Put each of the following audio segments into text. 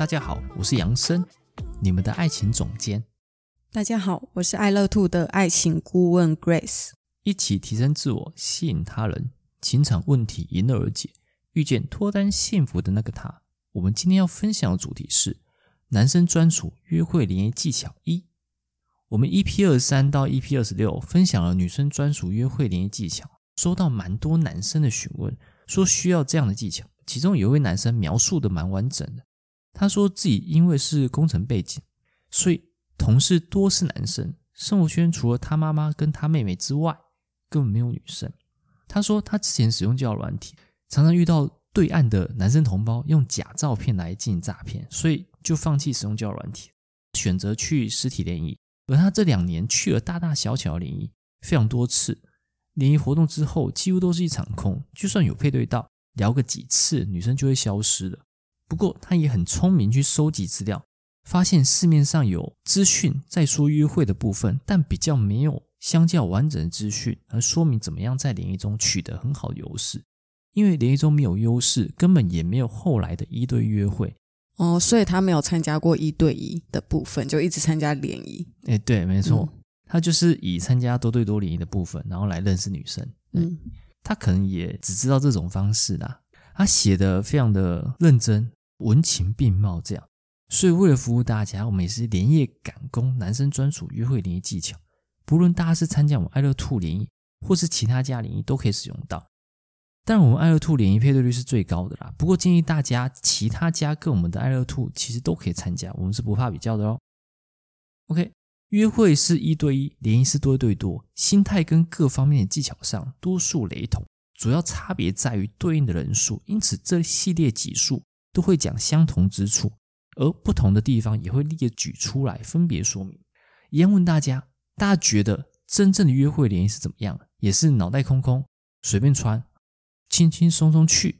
大家好，我是楊森，你們的愛情總監。大家好，我是愛樂兔的愛情顧問 Grace。一起提升自我，吸引他人，情場問題迎刃而解，遇見脫單幸福的那個他。我們今天要分享的主題是男生專屬約會聯誼技巧一。我們 EP 二十三到 EP 二十六分享了女生專屬約會聯誼技巧，收到蠻多男生的詢問，說需要這樣的技巧。其中有一位男生描述的蠻完整的。他說自己因為是工程背景，所以同事多是男生，生活圈除了他媽媽跟他妹妹之外，根本沒有女生。他說他之前使用交友軟體，常常遇到對岸的男生同胞用假照片來進行詐騙，所以就放棄使用交友軟體，選擇去實體聯誼。而他這兩年去了大大小小的聯誼非常多次，聯誼活動之後幾乎都是一場空，就算有配對到聊個幾次，女生就會消失了。不過他也很聰明，去收集資料，發現市面上有資訊在說約會的部分，但比較沒有相較完整的資訊，而說明怎麼樣在聯誼中取得很好的優勢。因為聯誼中沒有優勢，根本也沒有後來的一對約會。哦，所以他沒有參加過一對一的部分，就一直參加聯誼。哎，對，沒錯，嗯、他就是以參加多對多聯誼的部分，然後來認識女生。嗯，他可能也只知道這種方式啦。他寫得非常的認真。文情並茂，這樣。所以為了服務大家，我們也是連夜趕工男生專屬約會聯誼技巧。不論大家是參加我們愛樂 Two 聯誼，或是其他家聯誼，都可以使用到。當然，我們愛樂 Two 聯誼配對率是最高的啦。不過建議大家其他家跟我們的愛樂 Two 其實都可以參加，我們是不怕比較的哦。OK，約會是一對一，聯誼是多對多，心態跟各方面的技巧上多數雷同，主要差別在於對應的人數。因此這系列集數，都會講相同之處，而不同的地方也會列舉出來，分別說明。一樣問大家，大家覺得真正的約會聯誼是怎麼樣？也是腦袋空空，隨便穿，輕輕鬆鬆去，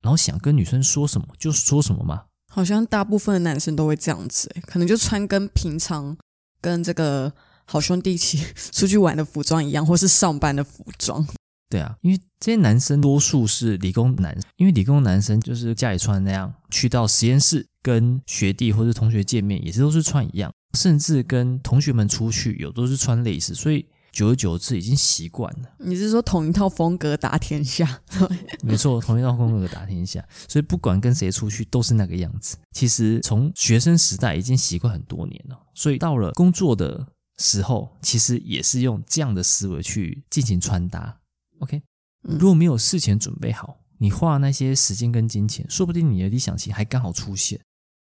然後想跟女生說什麼就是、說什麼嗎？好像大部分的男生都會這樣子，可能就穿跟平常跟這個好兄弟一起出去玩的服裝一樣，或是上班的服裝。對啊，因為這些男生多數是理工男生，因為理工男生就是家裡穿那樣，去到實驗室跟學弟或是同學見面，也是都是穿一樣，甚至跟同學們出去，有都是穿類似，所以久而久之已經習慣了。你是說同一套風格打天下？對，沒錯，同一套風格打天下，所以不管跟誰出去都是那個樣子。其實從學生時代已經習慣很多年了，所以到了工作的時候，其實也是用這樣的思維去進行穿搭。OK，如果沒有事前準備好，你花那些時間跟金錢，說不定你的理想型還剛好出現，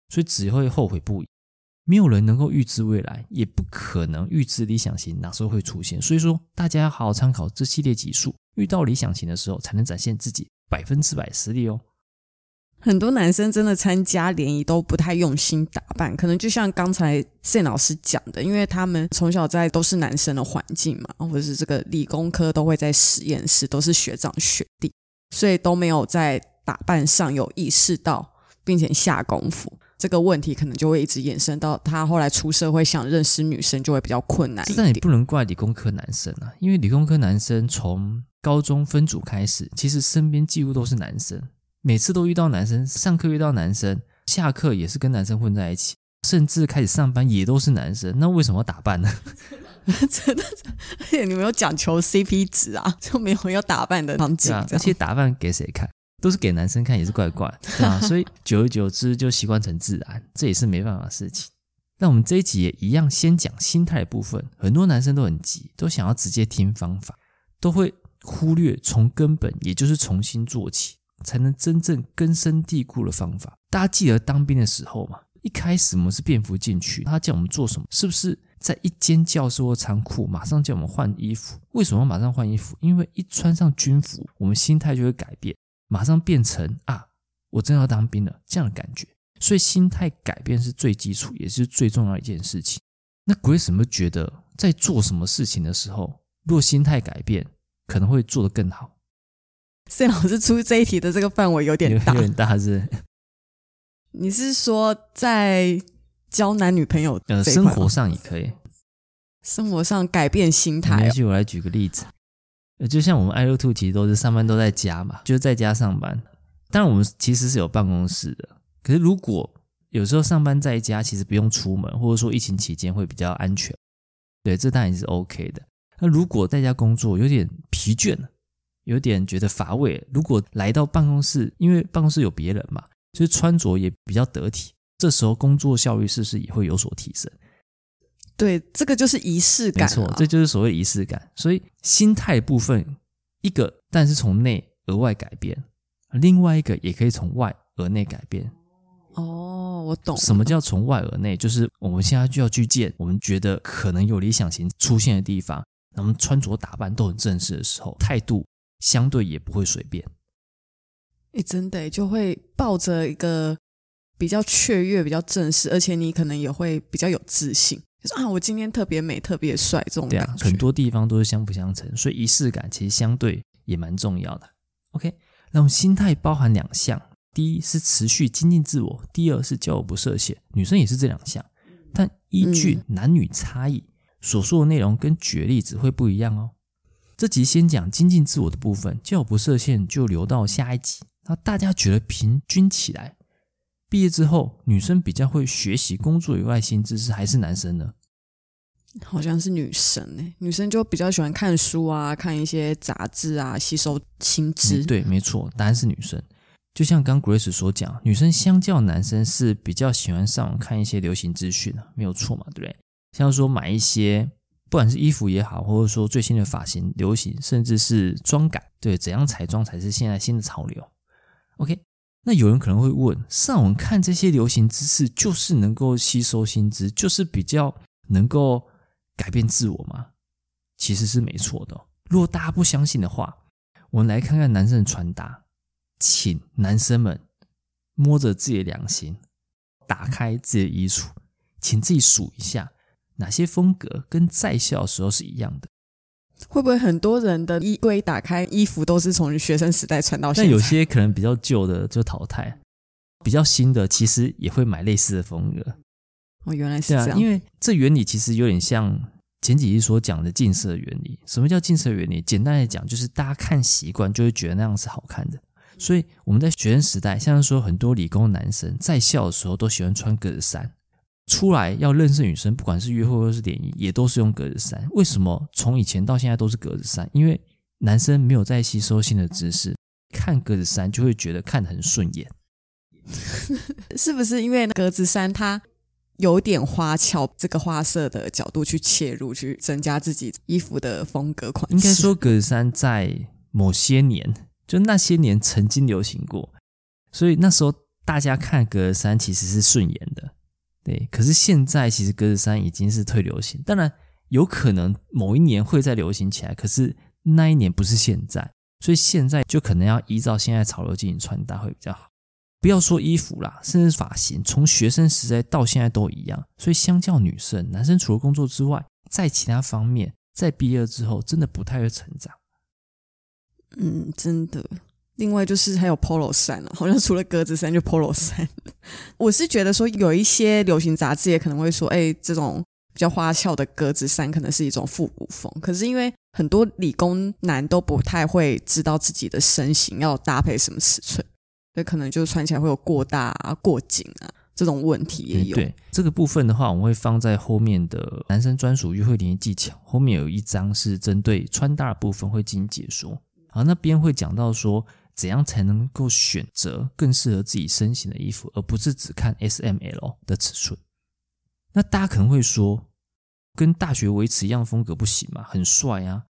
所以只會後悔不已。沒有人能夠預知未來，也不可能預知理想型哪時候會出現。所以說，大家要好好參考這系列集數，遇到理想型的時候，才能展現自己百分之百實力哦。很多男生真的參加聯誼都不太用心打扮，可能就像剛才 Sam 老師講的，因為他們從小在都是男生的環境嘛，或者是這個理工科都會在實驗室，都是學長學弟，所以都沒有在打扮上有意識到，並且下功夫。這個問題可能就會一直延伸到他後來出社會想認識女生就會比較困難。但你不能怪理工科男生啊，因為理工科男生從高中分組開始，其實身邊幾乎都是男生。每次都遇到男生，上課遇到男生，下課也是跟男生混在一起，甚至開始上班也都是男生。那為什麼要打扮呢？ 真的，而且你們有講求 CP 值啊，就沒有要打扮的動機啊。而且打扮給誰看，都是給男生看，也是怪怪的啊。所以久而久之就習慣成自然， 這也是沒辦法的事情。那我們這一集也一樣，先講心態的部分。很多男生都很急，都想要直接聽方法，都會忽略從根本，也就是重新做起，才能真正根深蒂固的方法。大家記得當兵的時候嘛，一開始我們是便服進去，他叫我們做什麼？是不是在一間教室或倉庫，馬上叫我們換衣服？為什麼要馬上換衣服？因為一穿上軍服，我們心態就會改變，馬上變成啊，我真要當兵了這樣的感覺。所以心態改變是最基礎也是最重要的一件事情。那鬼什麼覺得在做什麼事情的時候，如果心態改變，可能會做得更好？所以，老師出這一題的這個範圍有點大，有點大是？你是說在交男女朋友？呃，生活上也可以，生活上改變心態哦。也許我來舉個例子，就像我們愛樂 Two 其實都是上班都在家嘛，就在家上班。當然我們其實是有辦公室的，可是如果有時候上班在家，其實不用出門，或者說疫情期間會比較安全。對，這當然也是 OK 的。那如果在家工作有點疲倦有點覺得乏味。如果來到辦公室，因為辦公室有別人嘛，就是穿着也比較得體。這時候工作效率是不是也會有所提升？對，這個就是儀式感啊，沒錯，這就是所謂儀式感。所以心態部分，一個但是從內而外改變，另外一個也可以從外而內改變。哦，我懂。什麼叫從外而內？就是我們現在就要去見我們覺得可能有理想型出現的地方，那麼穿着打扮都很正式的時候，態度，相對也不會隨便，你、欸、真的就會抱着一個比較雀躍、比較正式，而且你可能也會比較有自信，就是啊，我今天特別美、特別帥這種感覺、啊。很多地方都是相輔相成，所以儀式感其實相對也蠻重要的。OK，那我們心態包含兩項：第一是持續精進自我，第二是交友不設限。女生也是這兩項，但依據男女差異，嗯、所說的內容跟舉例子會不一樣哦。這集先講精進自我的部分，教不設限就留到下一集。那大家覺得平均起來，畢業之後女生比較會學習、工作以外新知識，還是男生呢？好像是女生哎，女生就比較喜歡看書啊，看一些雜誌啊，吸收新知、嗯。對，沒錯，答案是女生。就像剛 Grace 所講，女生相較男生是比較喜歡上網看一些流行資訊啊，沒有錯嘛，對不對？像說買一些。不管是衣服也好，或者說最新的髮型、流行，甚至是妝感，對，怎樣彩妝才是現在新的潮流？OK，那有人可能會問：上網看這些流行知識，就是能夠吸收新知，就是比較能夠改變自我嗎？其實是沒錯的。如果大家不相信的話，我們來看看男生的穿搭，請男生們摸着自己的良心，打開自己的衣櫥，請自己數一下。哪些風格跟在校的時候是一樣的？會不會很多人的衣櫃打開，衣服都是從學生時代穿到現在？但有些可能比較舊的就淘汰，比較新的其實也會買類似的風格。哦，原來是這樣，啊。因為這原理其實有點像前幾期所講的近色的原理。什麼叫近色的原理？簡單來講，就是大家看習慣就會覺得那樣是好看的。所以我們在學生時代，像是說很多理工男生在校的時候都喜歡穿格子衫。出來要認識女生，不管是約會或是聯誼，也都是用格子衫。為什麼從以前到現在都是格子衫？因為男生沒有在吸收新的知識，看格子衫就會覺得看得很順眼。 是不是因為格子衫它有點花俏？這個花色的角度去切入，去增加自己衣服的風格款式？應該說格子衫在某些年，就那些年曾經流行過，所以那時候大家看格子衫其實是順眼的。對，可是現在其實格子衫已經是退流行，當然有可能某一年會再流行起來，可是那一年不是現在，所以現在就可能要依照現在潮流進行穿搭會比較好。不要說衣服啦，甚至髮型，從學生時代到現在都一樣。所以相較女生，男生除了工作之外，在其他方面，在畢業之後真的不太會成長。嗯，真的。另外就是還有 polo 衫，啊、好像除了格子衫就 polo 衫。 我是覺得說有一些流行雜誌也可能會說，哎，欸，這種比較花俏的格子衫可能是一種復古風。可是因為很多理工男都不太會知道自己的身形要搭配什麼尺寸，所以可能就穿起來會有過大啊，過緊啊這種問題也有。嗯，對這個部分的話，我們會放在後面的男生專屬約會聯誼技巧後面有一章是針對穿搭的部分會進行解說，好，那邊會講到說。怎樣才能夠選擇更適合自己身形的衣服，而不是只看 S、M、L 的尺寸？那大家可能會說，跟大學維持一樣風格不行嗎？很帥啊，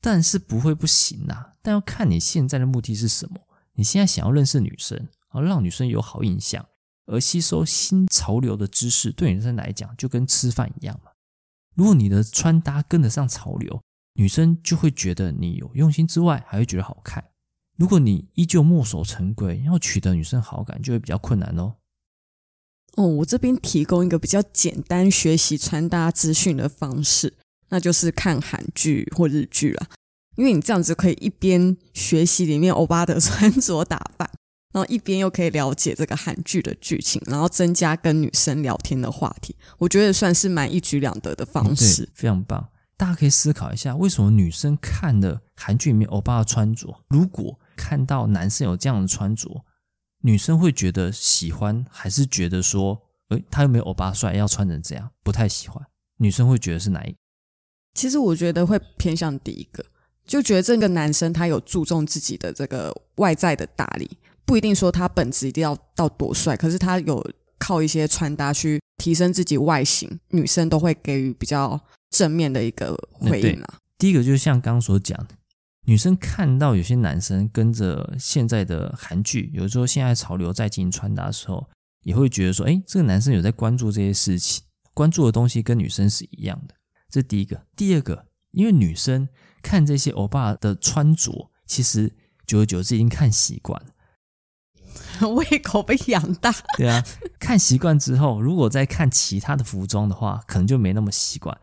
但是不會不行啊。但要看你現在的目的是什麼。你現在想要認識女生，而讓女生有好印象，而吸收新潮流的知識，對女生來講就跟吃飯一樣嘛。如果你的穿搭跟得上潮流，女生就會覺得你有用心之外，還會覺得好看。如果你依舊墨守成規，要取得女生好感就會比較困難哦。哦，我這邊提供一個比較簡單學習穿搭資訊的方式，那就是看韓劇或日劇了。因為你這樣子可以一邊學習裡面歐巴的穿着打扮，然後一邊又可以了解這個韓劇的劇情，然後增加跟女生聊天的話題。我覺得算是蠻一舉兩得的方式，嗯，非常棒。大家可以思考一下，為什麼女生看了韓劇裡面歐巴的穿着，如果看到男生有這樣的穿着，女生會覺得喜歡，還是覺得說，哎、欸，他有沒有歐巴帥？要穿成這樣，不太喜歡。女生會覺得是哪一個？其實我覺得會偏向第一個，就覺得這個男生他有注重自己的這個外在的打理，不一定說他本質一定要到多帥，可是他有靠一些穿搭去提升自己外形，女生都會給予比較正面的一個回應啊。第一個就像剛剛所講。女生看到有些男生跟着現在的韓劇，有的時候現在潮流在進行穿搭的時候，也會覺得說，哎、欸，這個男生有在關注這些事情，關注的東西跟女生是一樣的。這第一個。第二個，因為女生看這些歐巴的穿着，其實久而久之已經看習慣了，胃口被養大。 對啊，看習慣之後，如果再看其他的服裝的話，可能就沒那麼習慣。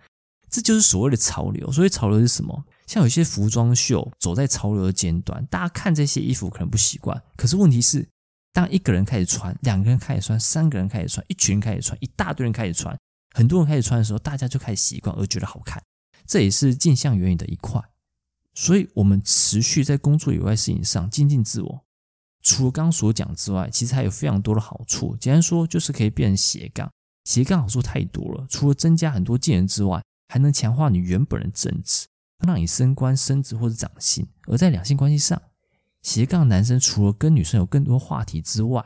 這就是所謂的潮流。所以潮流是什麼？像有些服裝秀走在潮流的尖端，大家看這些衣服可能不習慣。可是問題是，當一個人開始穿，兩個人開始穿，三個人開始穿，一群人開始穿，一大堆人開始穿，很多人開始穿的時候，大家就開始習慣而覺得好看。這也是鏡像原理的一塊。所以，我們持續在工作以外的事情上精進自我，除了剛剛所講之外，其實還有非常多的好處。簡單說，就是可以變成斜槓。斜槓好處太多了，除了增加很多技能之外，還能強化你原本的正職。讓你升官、升職或者漲薪，而在兩性關係上，斜槓男生除了跟女生有更多話題之外，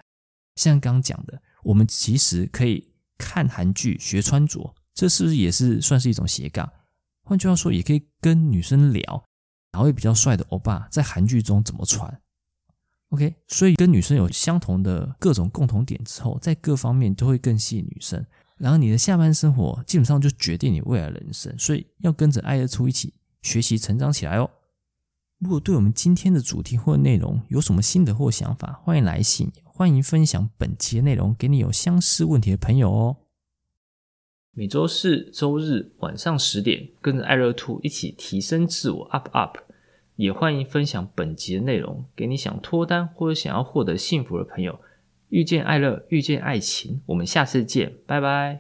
像剛剛講的，我們其實可以看韓劇、學穿着，這是不是也是算是一種斜槓？換句話說，也可以跟女生聊哪位比較帥的歐巴在韓劇中怎麼穿。OK，所以跟女生有相同的各種共同點之後，在各方面都會更吸引女生。然後你的下班生活基本上就決定你未來的人生，所以要跟着愛樂 Two 一起。學習成長起來哦！如果對我們今天的主題或內容有什麼心得或想法，歡迎來信，歡迎分享本期的內容給你有相似問題的朋友哦。每週四、週日晚上十點，跟着愛樂 Two 一起提升自我，up up！也歡迎分享本集的內容給你想脫單或者想要獲得幸福的朋友。遇見愛樂，遇見愛情，我們下次見，拜拜。